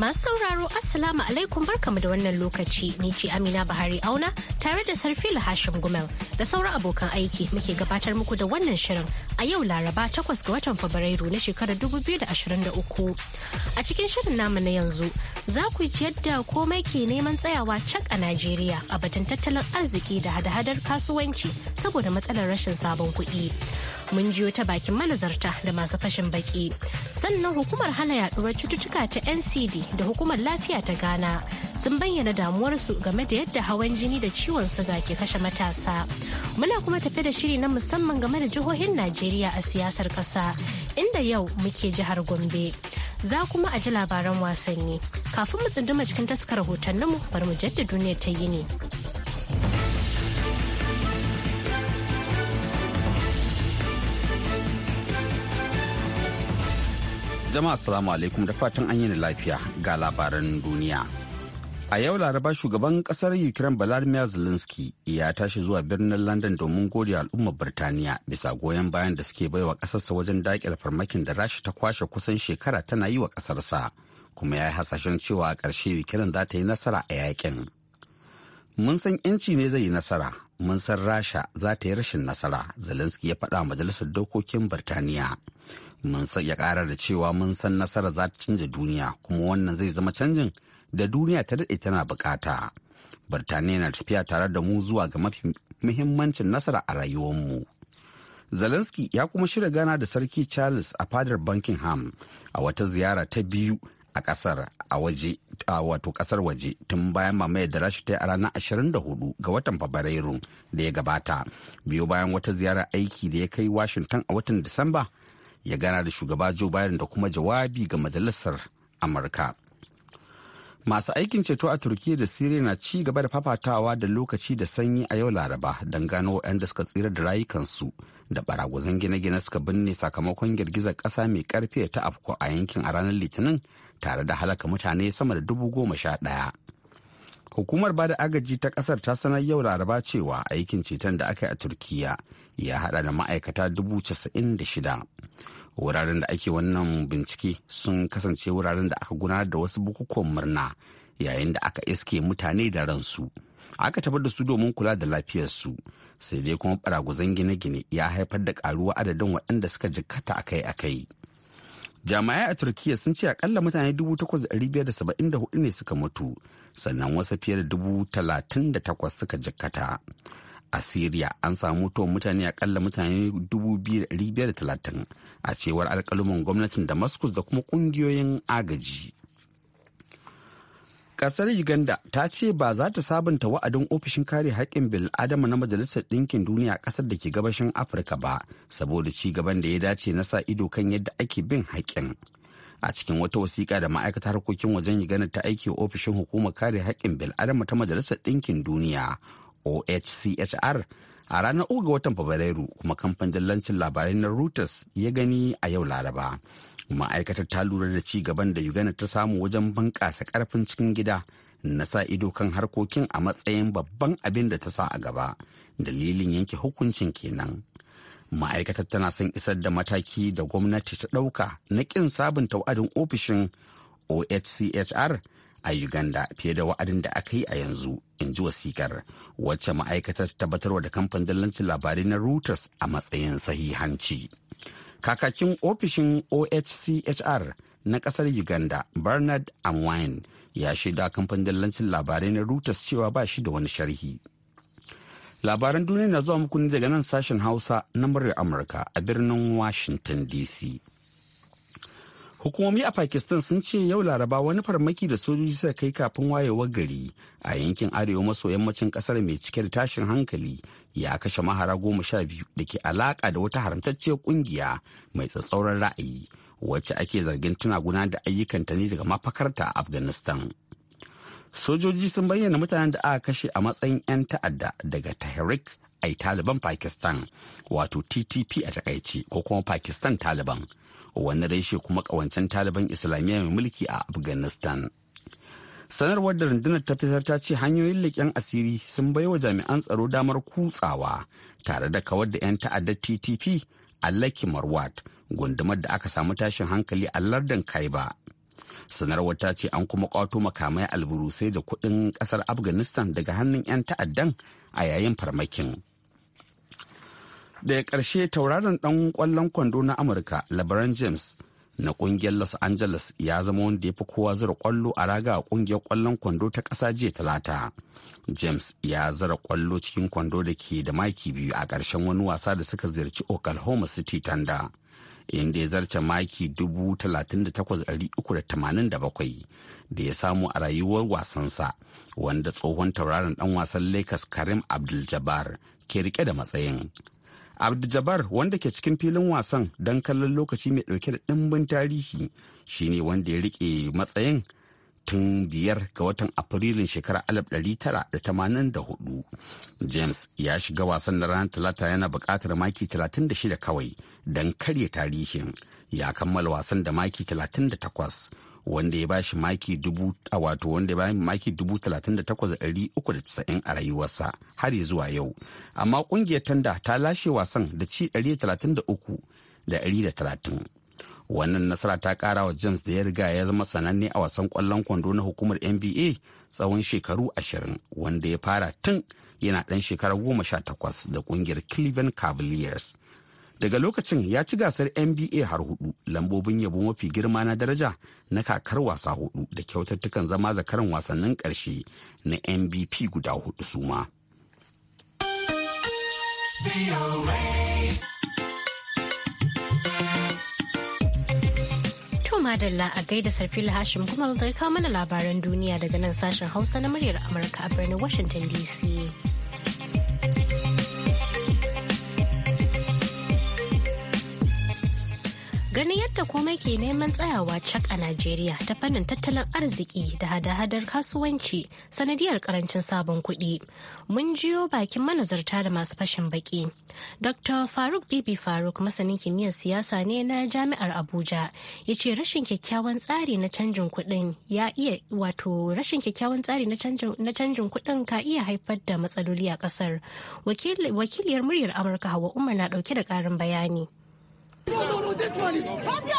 Masu sauraro Assalamu alaikum barkamu da wannan lokaci ni ce Amina Bahari Auna tare da sarfi Hashim Gumel da sauran abokan aiki muke gabatar muku da wannan shirin a yau Laraba takwas ga watan Fabrairu na shekarar 2023. A cikin shirin namu na yanzu za ku ji yadda komai ke neman tsayawa cak a Najeriya a batun tattalin arziki da hada-hadar kasuwanci saboda matsalar rashin sabon kuɗi. mun jiyo ta bakin manazarta da masu fashin baki sannan hukumar hana yaduwar cututtuka ta ncd da hukumar lafiya ta ghana sun bayyana damuwarsu game da yadda hawan jini da ciwon suga ke kashe matasa muna kuma tafi da shiri na musamman game da jihohin najeriya a siyasar kasa inda yau muke jihar gombe za kuma a ji labaran wasanni kafin mu tsunduma cikin taskar hotonninmu bari mu jaddada duniya ta yi ne Jama'a salamu alaikum da fatan an yi lafiya ga labaran duniya. A yau laraba shugaban kasar Ukraine Volodymyr Zelensky ya tashi zuwa birnin London domin gode al'ummar Birtaniya bisa goyon bayan da suke baiwa kasarsa wajen daƙil farmakin da rashi ta kwashe kusan shekara tana yi wa kasarsa kuma ya yi hasashen cewa a ƙarshe Ukraine za ta yi nasara a yakin. Mun san 'yanci ne zai yi nasara, mun san Rasha za ta yi rashin nasara, Zelensky ya faɗa majalisar dokokin Birtaniya. mun ya ƙara da cewa mun san nasara za ta canja duniya kuma wannan zai zama canjin da duniya ta daɗe tana bukata birtaniya na tafiya tare da mu zuwa ga mafi muhimmancin nasara a rayuwar mu. zelensky ya kuma shirya gana da sarki charles a fadar buckingham a wata ziyara ta biyu a kasar a waje a wato kasar waje tun bayan mamaye da rashi ta yi a ranar 24 ga watan fabrairu da ya gabata biyu bayan wata ziyara aiki da ya kai washington a watan disamba ya gana da shugaba Joe Biden da kuma jawabi ga majalisar Amurka. Masu aikin ceto a Turkiyya da Siriya na ci gaba da fafatawa da lokaci da sanyi a yau Laraba don gano waɗanda suka tsira da rayukansu da baragwazon gine-gine suka binne sakamakon girgizar ƙasa mai ƙarfi ta afko a yankin a ranar Litinin tare da halaka mutane sama da dubu goma sha ɗaya. Hukumar bada agaji ta ƙasar ta sanar yau Laraba cewa aikin ceton da aka yi a Turkiyya ya hada da ma'aikata dubu casa'in da shida wuraren da ake wannan bincike sun kasance wuraren da aka gudanar da wasu bukukuwan murna yayin da aka iske mutane da ransu aka tabar da su domin kula da lafiyarsu sai dai kuma baraguzan gine-gine ya haifar da karuwa adadin waɗanda suka jikata akai-akai jami'ai a turkiya sun ce akalla mutane 8,574 ne suka mutu sannan wasu fiye da 38,000 suka jikkata a Siriya an samu mutuwar mutane akalla mutane 2,530 a cewar alkalumin gwamnatin Damascus da kuma kungiyoyin agaji. Kasar Uganda ta ce ba za ta sabunta wa'adin ofishin kare haƙƙin bil adama na Majalisar Ɗinkin Duniya a ƙasar da ke gabashin Afirka ba, saboda ci gaban da ya dace na sa ido kan yadda ake bin haƙƙin. a cikin wata wasiƙa da ma'aikatar harkokin wajen Uganda ta aiki ofishin hukumar kare haƙƙin bil'adama ta majalisar ɗinkin duniya OHCHR a ranar uku ga watan Fabrairu kuma kamfanin dillancin labarai na Reuters ya gani a yau Laraba. Ma'aikatar ta lura da ci gaban da Uganda ta samu wajen bunƙasa ƙarfin cikin gida na sa ido kan harkokin a matsayin babban abin da ta sa a gaba. Dalilin yanke hukuncin kenan. Ma'aikatar tana son isar da mataki da gwamnati ta ɗauka na ƙin sabunta wa'adin ofishin OHCHR a Uganda fiye da wa'adin da aka yi a yanzu, in ji wasikar, wacce ma'aikatar ta tabbatarwa da kamfanin dallancin labarai na Reuters a matsayin sahihanci. Kakakin ofishin OHCHR na kasar Uganda, Bernard Amwine, ya shaida kamfanin dallancin labarai na Reuters cewa ba shi da wani sharhi. Labaran duniya na zuwa muku daga nan sashen Hausa na murya Amurka a birnin Washington DC. Hukumomi a Pakistan sun ce yau Laraba wani farmaki da sojoji suka kai kafin wayewar gari a yankin arewa maso yammacin kasar mai cike da tashin hankali ya kashe mahara goma sha biyu da ke alaka da wata haramtacciyar kungiya mai tsatsauran ra'ayi wacce ake zargin tana guna da ayyukanta ne daga mafakarta a Afghanistan. Sojoji sun bayyana mutanen da aka kashe a matsayin 'yan ta'adda daga Tehrik ai taliban pakistan wato ttp a takaice ko kuma pakistan taliban wani reshe kuma kawancen taliban islamiyya mai mulki a afghanistan sanarwar da rundunar ta fitar ta ce hanyoyin leƙen asiri sun bai wa jami'an tsaro damar kutsawa tare da kawar da 'yan ta'addar ttp a laki marwat gundumar da aka samu tashin hankali a lardin kaiba sanarwar ta ce an kuma kwato makamai alburusai da kuɗin ƙasar afghanistan daga hannun 'yan ta'addan a yayin farmakin daga ƙarshe tauraron ɗan ƙwallon kwando na amurka Labaran james na ƙungiyar los angeles ya zama wanda ya fi kowa zira ƙwallo a raga a ƙungiyar ƙwallon kwando ta ƙasa jiya talata james ya zara ƙwallo cikin kwando da ke da maki biyu a ƙarshen wani wasa da suka ziyarci oklahoma city tanda inda ya zarce maki 38,387 da ya samu a rayuwar wasansa wanda tsohon tauraron ɗan wasan lakers karim abdul-jabbar ke rike da matsayin Abdujabbar, wanda ke cikin filin wasan don kallon lokaci mai dauke da dimbin tarihi shi ne wanda ya rike matsayin tun biyar ga watan afrilun shekarar 1984 james ya shiga wasan na ranar talata yana bukatar maki 36 kawai don karya tarihin ya kammala wasan da maki 38 wanda ya bashi maki dubu a wato wanda ya bashi maki dubu talatin da takwas ɗari uku da tisain a rayuwarsa har ya zuwa yau amma kungiyar tanda ta lashe wasan da ci ɗari talatin da uku da ɗari da talatin wannan nasara ta kara wa james da ya riga ya zama sananne a wasan kwallon kwando na hukumar nba tsawon shekaru ashirin wanda ya fara tun yana ɗan shekara goma sha takwas da ƙungiyar cleveland cavaliers daga lokacin ya ci gasar nba har hudu lambobin yabo mafi girma na daraja na kakar wasa hudu da kyautattukan zama zakaran wasannin karshe na mvp guda hudu suma madalla a gaida sarfil hashim kuma zai kawo mana labaran duniya daga nan sashen hausa na muryar amurka a birnin washington dc Ganin yadda komai ke neman tsayawa cak a Najeriya ta fannin tattalin arziki da hada-hadar kasuwanci sanadiyar karancin sabon kuɗi. Mun jiyo bakin manazarta da masu fashin baki. Dr. Faruk Bibi Faruk masanin kimiyyar siyasa ne na Jami'ar Abuja ya ce rashin kyakkyawan tsari na canjin kuɗin ya iya wato rashin kyakkyawan tsari na canjin kuɗin ka iya haifar da matsaloli a ƙasar. Wakiliyar muryar Amurka Hawa Umar na ɗauke da ƙarin bayani. No, no, no, this one is. Come here.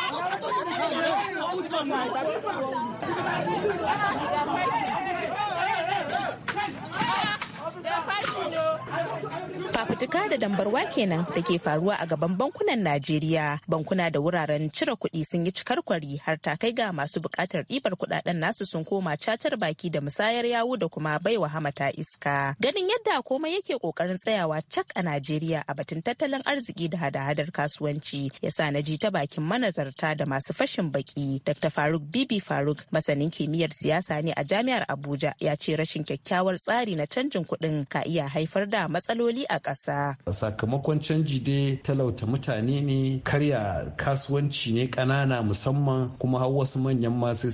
fafutuka da dambarwa kenan da ke faruwa a gaban bankunan najeriya bankuna da wuraren cire kuɗi sun yi cikar kwari har ta kai ga masu bukatar ɗibar kuɗaɗen nasu sun koma catar baki da musayar yawu da kuma baiwa hamata iska ganin yadda komai yake ƙoƙarin tsayawa cak a najeriya a batun tattalin arziki da hada-hadar kasuwanci ya sa na ji ta bakin manazarta da masu fashin baki dr faruk bibi faruk masanin kimiyyar siyasa ne a jami'ar abuja ya ce rashin kyakkyawar tsari na canjin kuɗin ka iya haifar da matsaloli a ƙasa. Sakamakon canji dai talauta mutane ne karya kasuwanci ne ƙanana musamman kuma har wasu manyan ma sai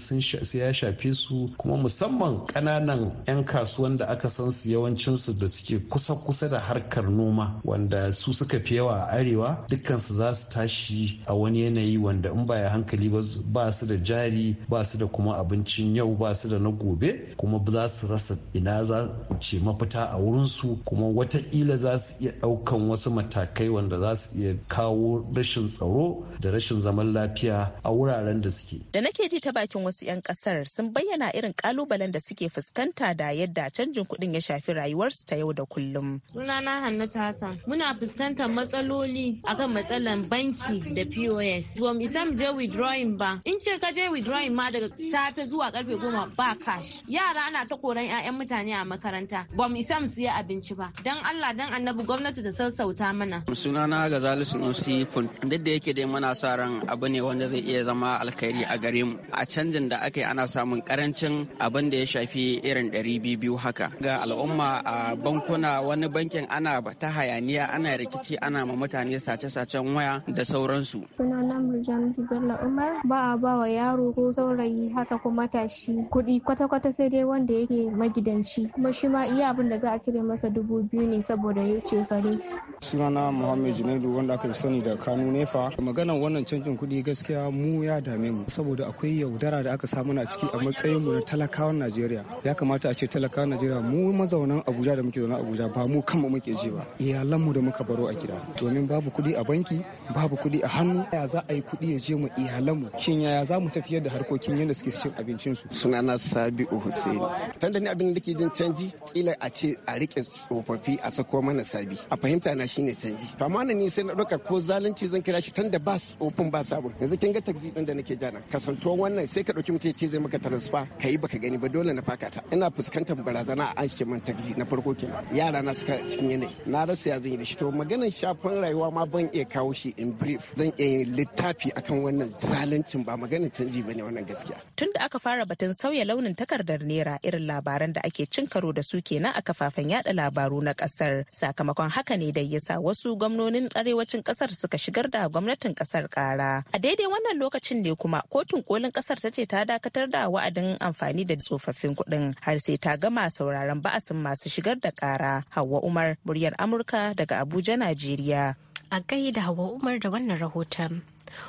ya shafe su kuma musamman ƙananan 'yan kasuwan da aka san su yawancinsu da suke kusa-kusa da harkar noma wanda su suka fi yawa a arewa dukkansu za su tashi a wani yanayi wanda in ba ya hankali ba su da jari ba su da kuma abincin yau ba su da na gobe kuma za su rasa ina za ce mafita a wurin su kuma watakila za su iya ɗaukan wasu matakai wanda za su iya kawo rashin tsaro da rashin zaman lafiya a wuraren da suke. Da nake ji ta bakin wasu 'yan kasar sun bayyana irin kalubalen da suke fuskanta da yadda canjin kuɗin ya shafi rayuwarsu ta yau da kullum. Sunana Hannatu Hassan, muna fuskantar matsaloli akan matsalan banki da POS. Ba mu isa mu je withdrawing ba. In ce ka je withdrawing ma daga safe zuwa karfe goma ba cash. Yara ana ta koran 'ya'yan mutane a makaranta. Ba mu isa mu siya abinci ba dan Allah dan annabi gwamnati ta sassauta mana sunana ga zalisu nusi Fun. duk da yake dai muna sa ran abu ne wanda zai iya zama alkhairi a gare mu a canjin da aka yi ana samun karancin abin da ya shafi irin ɗari biyu haka ga al'umma a bankuna wani bankin ana ta hayaniya ana rikici ana ma mutane sace-sacen waya da sauransu sunana Murjan bello umar ba a ba wa yaro ko saurayi haka ko matashi kuɗi kwata-kwata sai dai wanda yake magidanci kuma shi ma iya abin da za a cire cire masa dubu biyu ne saboda ya ce fari. sunana muhammed junaidu wanda aka fi sani da kanu nefa maganan wannan canjin kuɗi gaskiya mu ya dame mu saboda akwai yaudara da aka samu a ciki a matsayin mu na talakawan najeriya ya kamata a ce talakawan najeriya mu mazaunan abuja da muke zaune abuja ba mu kanmu muke ji ba iyalan mu da muka baro a gida domin babu kuɗi a banki babu kuɗi a hannu ya za a yi kuɗi ya je mu iyalan mu shin yaya za mu tafiyar da harkokin yadda suke cin abincin su sunana sabiu hussein tanda ni abin da ke jin canji kila a ce a rike tsofaffi a sako mana sabi a fahimta na shine canji to amma ni sai na ɗauka ko zalunci zan kira shi da ba tsofin ba sabon yanzu kin ga taxi din da nake jana kasantuwa wannan sai ka ɗauki mutum ce zai maka transfer kai baka gani ba dole na faka ta ina fuskantar barazana a an man taxi na farko kenan yara na suka cikin yanayi na rasa ya zan yi da shi to maganar shafin rayuwa ma ban iya kawo shi in brief zan iya yin littafi akan wannan zaluncin ba maganar canji bane wannan gaskiya tun da aka fara batun sauya launin takardar naira irin labaran da ake cin karo da su kenan a kafafen yada labaru na kasar sakamakon haka ne da yasa wasu gwamnonin arewacin kasar suka shigar da gwamnatin kasar kara a daidai wannan lokacin ne kuma kotun kolin kasar ta ce ta dakatar da wa'adin amfani da tsofaffin kuɗin har sai ta gama sauraron ba'asin masu shigar da kara hawa umar muryar amurka daga abuja najeriya a gaida hawa umar da wannan rahoton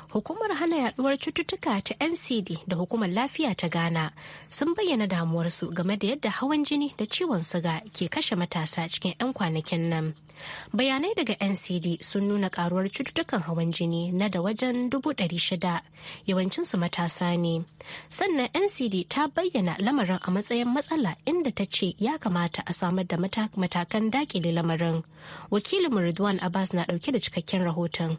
Hukumar hana yaduwar cututtuka ta NCD da hukumar lafiya ta Ghana sun bayyana damuwarsu game da yadda hawan jini da ciwon suga ke kashe matasa cikin 'yan kwanakin nan. Bayanai daga NCD sun nuna karuwar cututtukan hawan jini na da wajen shida yawancinsu matasa ne. Sannan NCD ta bayyana lamarin a matsayin matsala inda ta ce ya kamata a samar da matakan dakile lamarin. Wakilin Abbas na ɗauke da cikakken rahoton.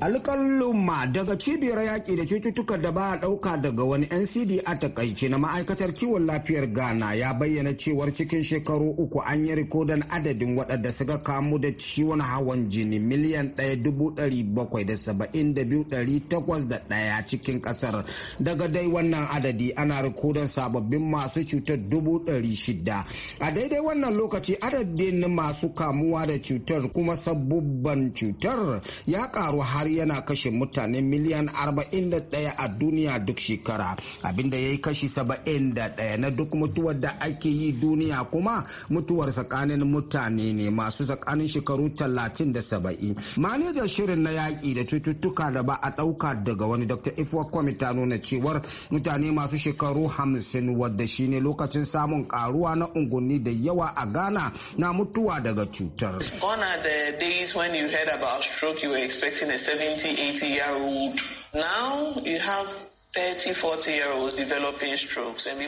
alƙaluma daga cibiyar yaƙi da cututtukan da ba a ɗauka daga wani ncd a takaice na ma'aikatar kiwon lafiyar ghana ya bayyana cewar cikin shekaru uku an yi rikodan adadin waɗanda suka kamu da ciwon hawan jini miliyan ɗaya dubu ɗari bakwai da saba'in da biyu ɗari takwas da ɗaya cikin ƙasar daga dai wannan adadi ana rikodan sababbin masu cutar dubu ɗari shida a daidai wannan lokaci adadin masu kamuwa da cutar kuma sabubban cutar ya ƙaru har yana kashe mutane miliyan 41 a duniya duk shekara abinda ya yi kashi 71 na duk mutuwar da ake yi duniya kuma mutuwar tsakanin mutane ne masu tsakanin shekaru 30 da 70 manajar shirin na yaƙi da cututtuka da ba a ɗauka daga wani dr ifuwa kwamita nuna cewar mutane masu shekaru 50 wadda shine lokacin samun karuwa na unguwanni da yawa a ghana na mutuwa daga cutar. days when you heard about stroke you were expecting a 70, 80 year old. Now you have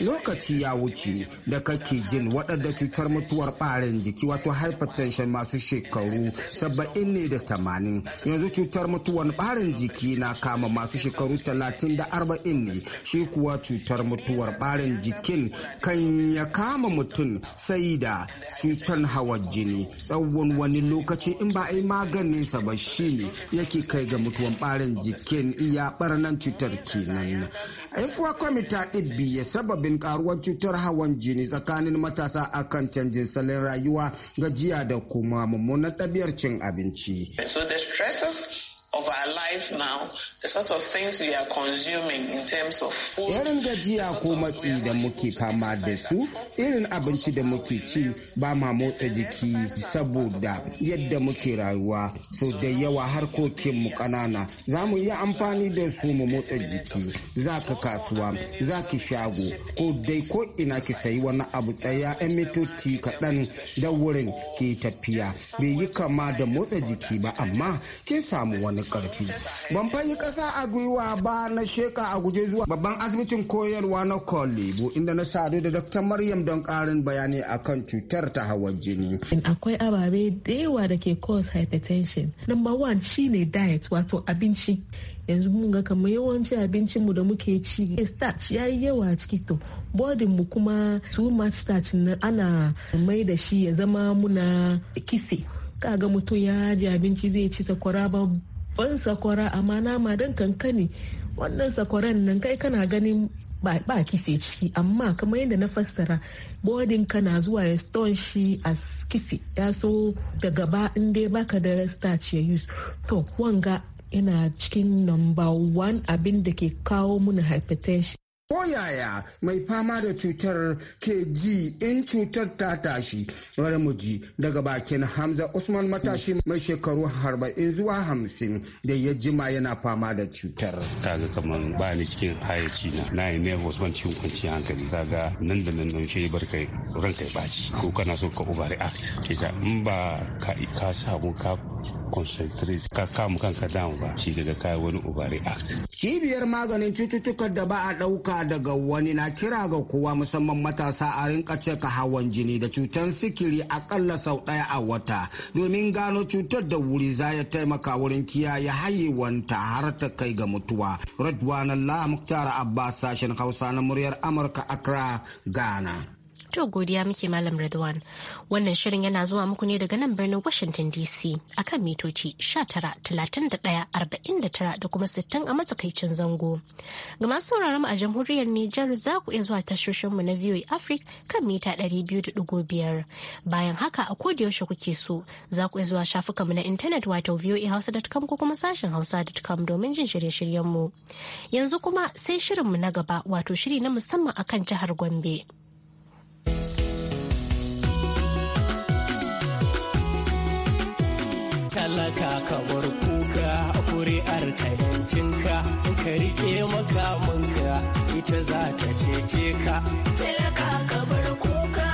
Lokaci ya wuce da kake jin waɗanda cutar mutuwar ɓarin jiki wato hypertension masu shekaru saba'in ne da tamanin yanzu cutar mutuwar ɓarin jiki na kama masu shekaru talatin da arba'in ne shi kuwa cutar mutuwar ɓarin jikin kan ya kama mutum sai da cutar hawan jini tsawon wani lokaci in ba a yi maganinsa ba shine yake kai ga mutuwar ɓarin jikin iya ɓarnan cutar kenan. yi haifuwa kwamita ibi ya sababin karuwar cutar hawan jini tsakanin matasa akan canjin salon rayuwa gajiya da kuma mummunan ɗabi'ar cin abinci of our life now, the sort of things we are consuming in terms of Irin gajiya ko matsi da muke fama da su, irin abinci da muke ci ba ma motsa jiki saboda yadda muke rayuwa so da yawa mu ƙanana za mu yi amfani da su mu motsa jiki za ka kasuwa za ki shago ko dai ko ina ki sayi wani abu tsaya 'yan mitoci kaɗan da wurin ke tafiya bai yi kama da motsa jiki ba amma kin samu wani karfi ban fayi kasa a gwiwa ba na sheka a guje zuwa babban asibitin koyarwa na kolibu inda na sadu da dr maryam don karin bayani akan cutar ta hawan jini akwai ababe da yawa da ke cause hypertension number one shine diet wato abinci yanzu mun ga kamar yawanci abincin mu da muke ci starch ya yi yawa a ciki to bodin mu kuma too much starch na ana mai da shi ya zama muna kise kaga mutum ya ji abinci zai ci sakwara ban sakwara amma nama don kankani wannan sakwaran nan kai kana ganin ba kise ciki amma kamar yadda na fassara bodin na zuwa ya stone shi a kise ya so da gaba in dai baka da starch ya use to wanga yana cikin number one abin da ke kawo muna hypertension ko yaya mai fama da cutar ke ji in cutar ta tashi wani muji daga bakin hamza usman matashi mai shekaru arba'in zuwa hamsin da ya jima yana fama da cutar kaga kaman ba ni cikin hayaci na na yi ne ban cikin kwanciyar hankali kaga nan da nan nan shi bar kai ranka ya baci ko kana so ka overreact kisa in ba ka samu ka concentrate ka kamu kanka down ba shi daga kai wani overreact cibiyar maganin cututtukan da ba a ɗauka daga wani na kira ga kowa musamman matasa a rinka cika hawan jini da cutar sikili akalla sau ɗaya a wata domin gano cutar da wuri za ya taimaka wurin kiyaye hayewanta har ta kai ga mutuwa radwan allah muktar abbas sashen hausa na muryar amurka accra gana. To godiya muke Malam Redwan. Wannan shirin yana zuwa muku ne daga nan birnin Washington DC akan mitoci talatin da kuma 60 a matsakaicin zango. Ga masu sauraron a jamhuriyar Nijar za ku iya zuwa tashoshinmu mu na VOA Africa kan mita 200.5. Bayan haka a koda yaushe kuke so za ku iya zuwa shafukanmu na intanet wato voahausa.com ko kuma sashen hausa.com domin jin shirye shiryenmu Yanzu kuma sai shirinmu na gaba wato shiri na musamman akan jihar Gombe. saka ka bar kuka kuri'ar ka yancinka ka rike makamanka ita za ta cece ka ka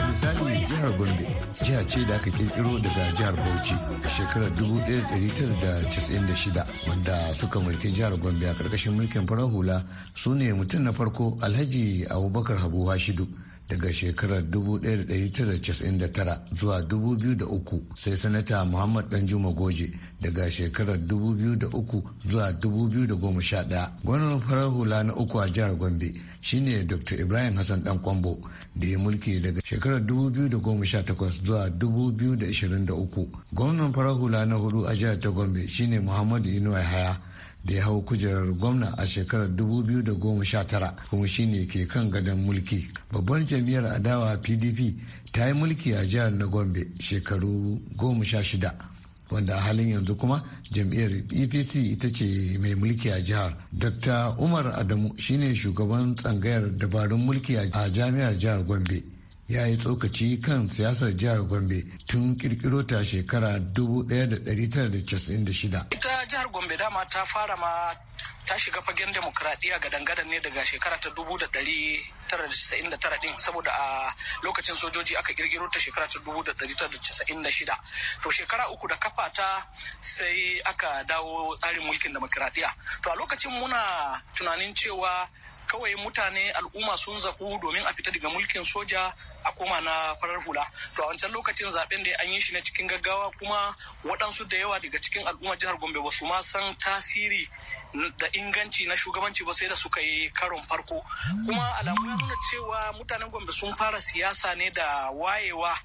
misali jihar gombe jiha ce da aka kirkiro daga jihar bauchi a shekarar 1996 wanda suka mulki jihar gombe a karkashin mulkin farar hula su ne mutum na farko alhaji abubakar habu hashidu daga shekarar 1999 zuwa 2003 sai sanata muhammad danjuma goje daga shekarar 2003 zuwa 2011 gwamnan farar hula na uku a jihar gombe shine dr ibrahim hassan dan kwambo da ya mulki daga shekarar 2018 zuwa 2023 gwamnan farar hula na hudu a jihar ta gombe shine muhammadu inuwa haya da ya hau kujerar gwamna a shekarar 2019 kuma shine ke kan gadon mulki Babban jam'iyyar adawa pdp ta yi mulki a jihar na gombe shekaru 16 wanda a halin yanzu kuma jam'iyyar EPC ita ce mai mulki a jihar dr umar adamu shine shugaban tsangayar dabarun mulki a jami'ar jihar gombe ya yi tsokaci kan siyasar jihar gombe tun kirkiro ta shekara 1996 ita jihar gombe dama ta fara ma ta shiga fagen demokradiyya ga dangadan ne daga shekara ta 1999 din saboda a lokacin sojoji aka kirkiro ta shekara ta 1996 to shekara uku da kafa ta sai aka dawo tsarin mulkin demokradiyya to a lokacin muna tunanin cewa kawai mutane al'umma sun zaku domin a fita daga mulkin soja a koma na farar hula to a wancan lokacin zaben da an yi shi na cikin gaggawa kuma waɗansu da yawa daga cikin al'umma jihar gombe ba su ma san tasiri da inganci na shugabanci ba sai da suka yi karon farko kuma alamu ya nuna cewa mutanen gombe sun fara siyasa ne da wayewa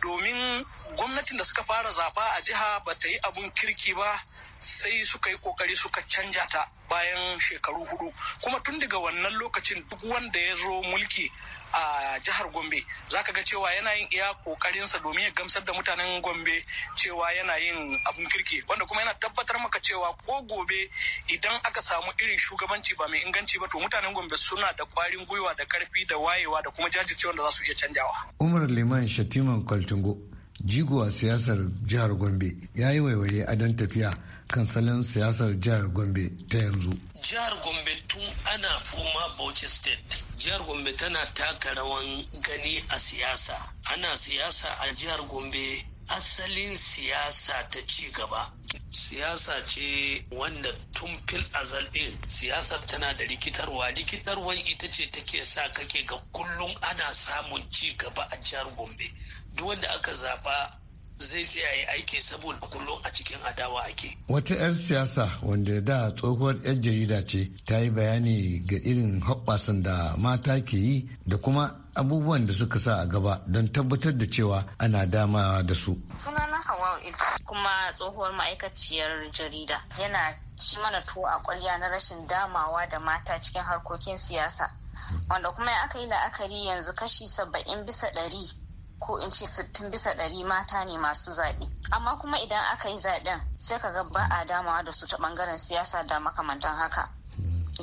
domin gwamnatin da suka fara zaɓa a jiha ba ta yi abun kirki ba sai suka yi kokari suka canja ta bayan shekaru hudu kuma tun daga wannan lokacin duk wanda ya zo mulki a jihar gombe zaka ga cewa yana yin iya kokarinsa domin ya gamsar da mutanen gombe cewa yana yin abun kirki wanda kuma yana tabbatar maka cewa ko gobe idan aka samu irin shugabanci ba mai inganci ba to mutanen gombe suna da kwarin gwiwa da karfi da wayewa da kuma jajircewa da za su iya canjawa umar liman shatiman kwaltungo jigo a siyasar jihar gombe ya yi waiwaye a don tafiya kansalin siyasar jihar gombe ta yanzu jihar gombe tun ana Fuma bauchi state jihar gombe tana taka rawan gani a siyasa ana siyasa a jihar gombe asalin siyasa ta ci gaba siyasa ce wanda tun fil azal din siyasar tana da rikitarwa rikitarwar ita ce take sa kake ga kullum ana samun ci gaba a jihar gombe duk wanda aka zaba zai sai a yi aiki saboda kullum a cikin adawa ake. Wata 'yar siyasa wanda da tsohuwar 'yar jarida ce ta yi bayani ga irin hoɓɓasan da mata ke yi da kuma abubuwan da suka sa a gaba don tabbatar da cewa ana dama da su. na Hawa kuma tsohuwar ma'aikaciyar jarida yana ci mana tuwo a kwalliya na rashin damawa da mata cikin harkokin siyasa. Wanda kuma ya aka yi la'akari yanzu kashi saba'in bisa ɗari ko in ce sittin bisa ɗari mata ne masu zaɓe amma kuma idan aka yi zaɓen sai ka ga ba a damawa da su ta ɓangaren siyasa da makamantan haka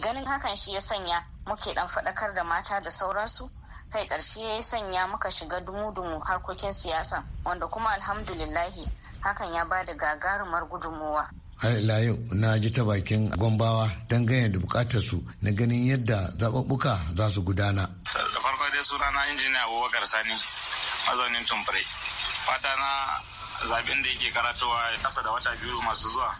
ganin hakan shi ya sanya muke ɗan faɗakar da mata da sauransu kai ƙarshe ya sanya muka shiga dumu-dumu harkokin siyasa wanda kuma alhamdulillahi hakan ya ba da gagarumar gudunmuwa har ila yau na ji ta bakin gombawa dangane da bukatar su na ganin yadda zaɓuɓɓuka za su gudana. da farko dai sunana injiniya abubakar sani mazaunin tumfure fata na zaben da yake karatowa ya kasa da wata biyu masu zuwa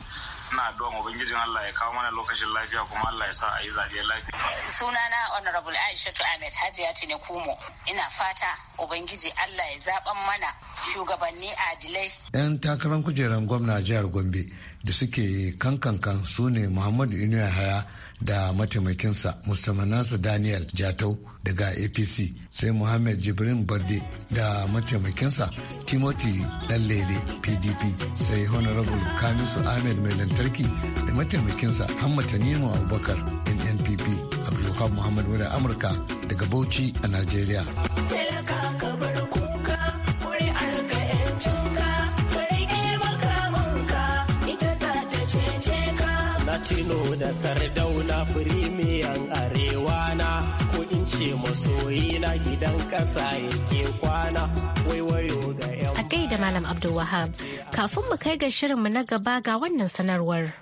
ina addu'an ubangijin Allah ya kawo mana lokacin lafiya kuma Allah ya sa a yi zaɓe lafiya. Sunana Honorable Aisha Ahmed Hajiya kumo ina fata ubangiji Allah ya zaben mana shugabanni adilai. 'Yan takarar kujerar gwamna jihar Gombe da suke kankankan su ne Muhammadu Inuwa Haya da mataimakinsa mustapha nasa daniel jatau daga apc sai muhammad jibrin barde da mataimakinsa timothy ɗanlele pdp sai honorable kamisu ahmed mai lantarki da mataimakinsa hammatanimu abubakar nnpp abdulhab muhammad wadda amurka daga bauchi a nigeria Latino da Sardau na firimiyan arewa na ko in ce masoyi na gidan ƙasa yake kwana waiwayo ga yan. A gaida Malam Abdulwahab, kafin mu kai ga mu na gaba ga wannan sanarwar.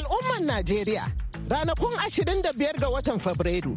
Al'ummar Najeriya ranakun 25 ga watan Fabrairu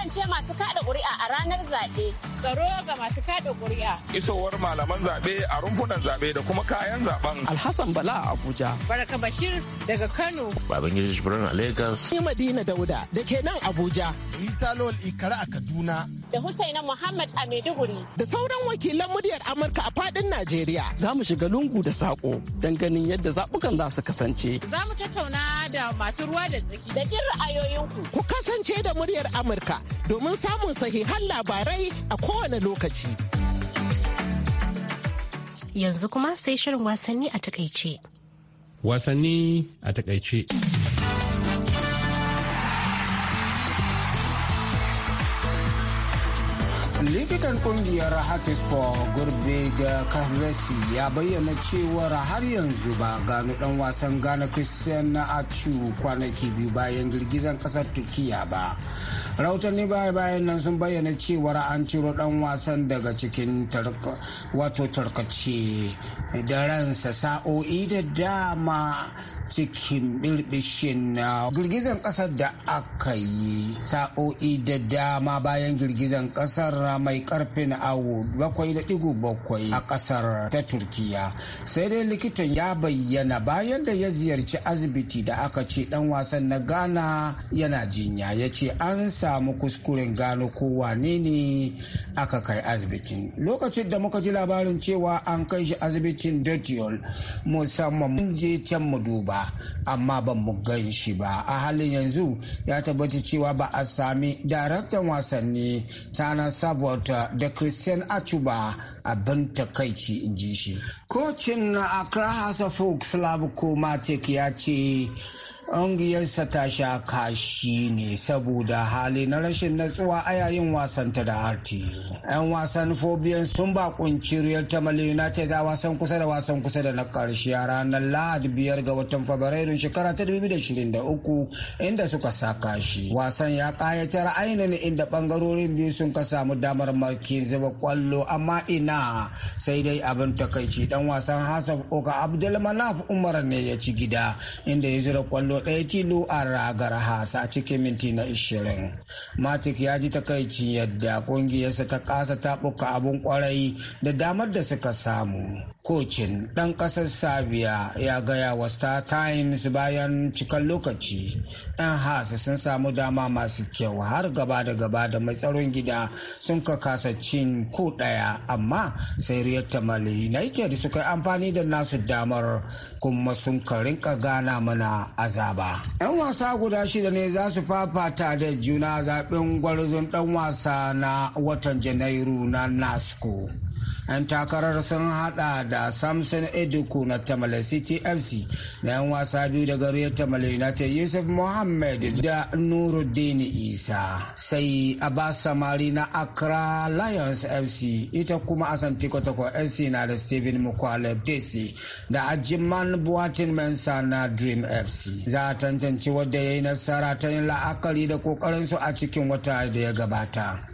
kasance masu kada kuri'a a ranar zaɓe. Tsaro ga masu kada ƙuri'a. Isowar malaman zaɓe a rumfunan zaɓe da kuma kayan zaɓen. Alhassan Bala a Abuja. Baraka Bashir daga Kano. Babangiji Shibirin a Lagos. Ni Madina Dauda da ke nan Abuja. Isa lol Ikara a Kaduna. da Husaina Muhammad a Maiduguri. Da sauran wakilan muryar Amurka a fadin Najeriya. Za mu shiga lungu da saƙo don ganin yadda zaɓukan za su kasance. Za mu tattauna da masu ruwa da tsaki da jin ra'ayoyinku. Ku kasance da muryar Amurka domin samun sahihan labarai a kowane lokaci. Yanzu kuma sai shirin wasanni a takaice. Wasanni a takaice. likitan kungiyar hatispo gurbe ga kahvesi ya bayyana cewar har yanzu ba gano dan wasan ghana christian na achu kwanaki biyu bayan girgizan kasar turkiya ba rahotanni baya bayan nan sun bayyana cewar an ciro dan wasan daga cikin wato tarkace da ransa sa'o'i da dama cikin bilbishin na girgizan kasar da aka yi sa'o'i da dama bayan girgizan kasar mai karfin awo bakwai da a kasar ta turkiya sai dai likitan ya bayyana bayan da ya ziyarci asibiti da aka ce dan wasan na ghana yana jinya ya ce an samu kuskuren gano ko wane ne aka kai asibitin lokacin da muka ji labarin cewa an kai shi asibitin dotiol musamman mun je can mu duba amma ban mu gan shi ba a halin yanzu ya tabbata cewa ba a sami daraktan wasanni ta na sabota da christian achuba abin takaici in ji shi kocin accra house of folk ko komatic ya ce ƙungiyarsa ta sha kashi ne saboda hali na rashin natsuwa a yayin wasanta da arti. 'Yan wasan Fobian sun kunci Real Tamal United a wasan kusa da wasan kusa da na ƙarshe a ranar Lahadi biyar ga watan Fabrairun shekara ta 2023 inda suka sa kashi. Wasan ya ƙayatar ainihin inda ɓangarorin biyu sun ka samu damar marki zuba kwallo amma ina sai dai abin takaici dan wasan Hassan Oka Abdulmanaf Umar ne ya ci gida inda ya zira kwallo ɗaya tilo a ragar hasa cikin minti na 20. Matic ya ji takaici yadda ƙungiyarsa ta kasa taɓuka abin kwarai da damar da suka samu. Kocin ɗan ƙasar Sabiya ya gaya wa Star Times bayan cikan lokaci. 'Yan hasa sun samu dama masu kyau har gaba da gaba da mai tsaron gida sun ka kasa cin ko ɗaya amma sai Riyar Tamale United suka yi amfani da nasu damar kuma sun rinka gana mana azaba. 'Yan wasa guda shida ne za su fafata da juna zaɓen gwarzon ɗan wasa na watan Janairu na NASCO. 'yan takarar sun hada da samson eduku na tamale city fc na 'yan wasa biyu daga riyar tamale united yusuf mohammed da nuruddin isa sai abbas samari na accra lions fc ita kuma asanti kwatakwa fc na da steven mukwale desi da ajiman buatin mensa na dream fc za a tantance wadda ya yi nasara ta yin la'akari da su a cikin wata da ya gabata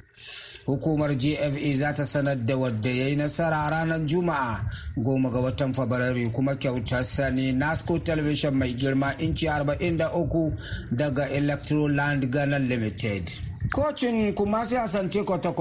hukumar gfa za ta sanar da wadda ya yi nasara ranar juma'a goma ga watan fabrairu kuma kyautar sani nasco television mai girma inci 43 daga electroland ghana limited Kocin kuma sai Asante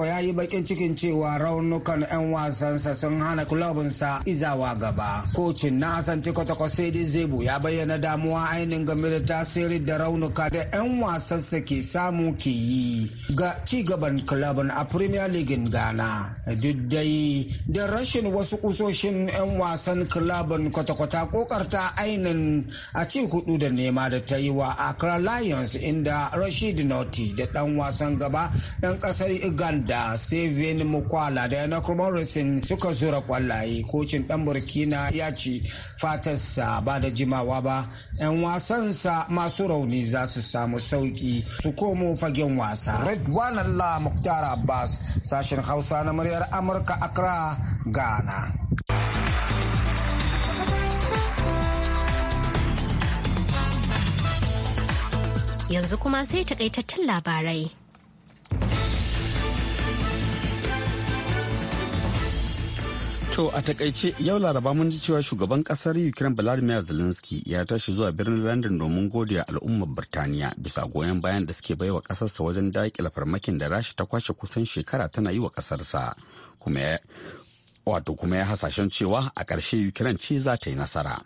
ya yi bakin cikin cewa raunukan 'yan wasansa sun hana kulabinsa izawa gaba. Kocin na Asante Kotoko sai Zebu ya bayyana damuwa ainihin game da tasirin da raunuka da 'yan wasansa ke samu ke yi ga gaban kulabin a Premier League Ghana. Duk dai da rashin wasu kusoshin 'yan wasan kulabin kwata-kwata kokarta ainihin a ci hudu da nema da ta yi wa Accra Lions inda Rashid da dan wasan gaba yan kasar uganda steven mukwala da na morrison suka zura kwallaye kocin ɗan burkina ya ce fatarsa ba da jimawa ba yan wasansa masu rauni za su samu sauki su komo fagen wasa redwan allah muktar abbas sashen hausa na muryar amurka accra ghana yanzu kuma sai takaitattun labarai. To a takaice yau laraba mun ji cewa shugaban kasar Ukraine Vladimir Zelensky ya tashi zuwa birnin London domin godiya al'ummar Birtaniya bisa goyon bayan da suke baiwa kasarsa wajen daƙila farmakin da rashi ta kwashe kusan shekara tana yi wa kasarsa. Kuma wato kuma ya hasashen cewa a ƙarshe Ukraine ce za ta yi nasara.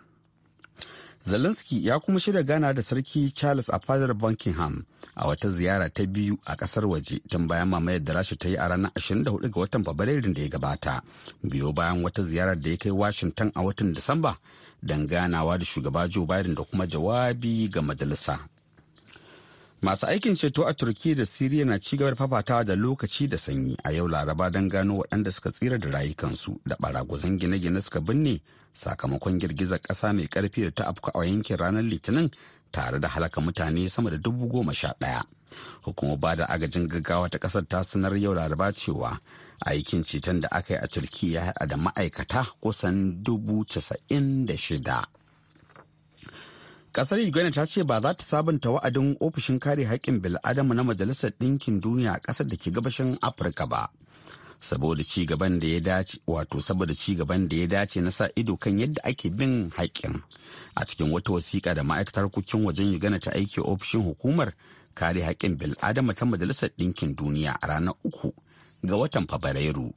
Zelensky ya kuma shirya gana da sarki Charles a fadar Buckingham a wata ziyara ta biyu a kasar waje tun bayan mamayar da Rasha ta yi a ranar 24 ga watan Fabrairun da ya gabata. Biyo bayan wata ziyarar da ya kai Washington a watan Disamba don ganawa da shugaba Joe Biden da kuma jawabi ga majalisa Masu aikin ceto a Turkiyya da Siriya na ci gaba da fafatawa da lokaci da sanyi a yau Laraba don gano waɗanda suka tsira da rayukansu da baragwazon gine-gine suka binne sakamakon girgizar ƙasa mai ƙarfi da ta afka a yankin ranar Litinin tare da halaka mutane sama da dubu goma sha ɗaya. Hukumar ba da agajin gaggawa ta ƙasar ta sanar yau Laraba cewa aikin ceton da aka yi a Turkiyya ya haɗa da ma'aikata kusan dubu casa'in da shida. Kasar Uganda ta ce ba za ta sabunta wa'adin ofishin kare haƙƙin bil'adama na Majalisar Ɗinkin Duniya a ƙasar da ke gabashin Afirka ba. Saboda ci gaban da ya dace wato saboda ci gaban da ya dace na sa ido kan yadda ake bin haƙƙin. A cikin wata wasiƙa da ma'aikatar kukin wajen Uganda ta aike ofishin hukumar kare haƙƙin bil'adama ta Majalisar Ɗinkin Duniya a ranar uku ga watan Fabrairu.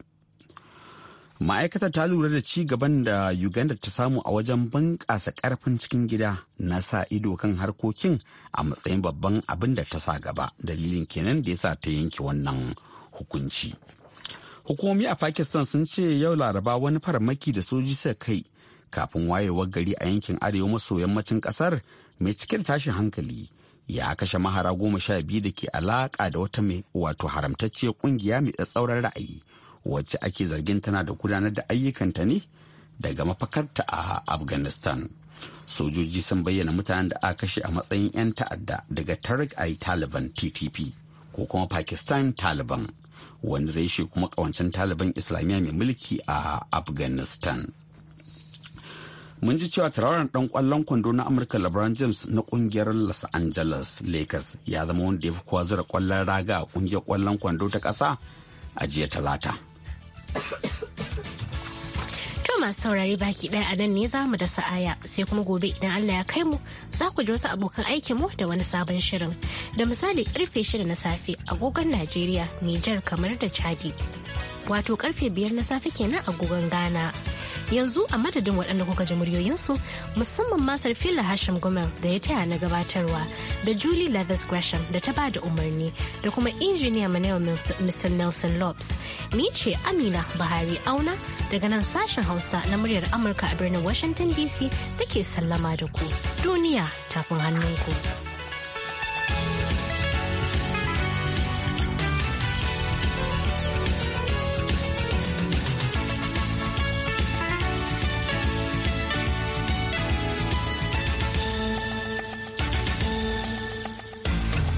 ma'aikatar ta lura da ci gaban da uganda ta samu a wajen bunƙasa ƙarfin cikin gida na sa ido kan harkokin a matsayin babban abin da ta sa gaba dalilin kenan da ya sa ta yanke wannan hukunci hukumomi a pakistan sun ce yau laraba wani farmaki da soji suka kai kafin wayewar gari a yankin arewa maso yammacin kasar mai cike da tashin hankali ya kashe mahara goma sha biyu da ke alaka da wata mai wato haramtacciyar kungiya mai tsatsauran ra'ayi wacce ake zargin tana da gudanar da ayyukanta ne daga mafakarta a afghanistan sojoji sun bayyana mutanen da aka kashe a matsayin 'yan ta'adda daga tarik ai taliban ttp ko kuma pakistan taliban wani reshe kuma kawancin taliban islamiyya mai mulki a afghanistan mun ji cewa tarawar dan kwallon kwando na amurka lebron james na kungiyar los angeles lakers ya zama wanda ya fi kwazura kwallon raga a kungiyar kwallon kwando ta kasa a jiya talata To masu saurare baki ɗaya a nan ne za mu da sa'aya sai kuma gobe idan Allah ya kai mu za ku ji wasu abokan aikin mu da wani sabon shirin. Da misali karfe shida na safe agogon Najeriya, Nijar kamar da Chadi. Wato karfe biyar na safe kenan agogon Ghana. yanzu a madadin waɗanda kuka ji muryoyinsu musamman masar fila hashim gomel da ya taya na gabatarwa da julie leathers gresham da ta ba da umarni da kuma injiniya manewa mr nelson lopes ni ce amina buhari auna daga nan sashen hausa na muryar amurka a birnin washington dc da ke sallama da ku duniya tafin hannunku.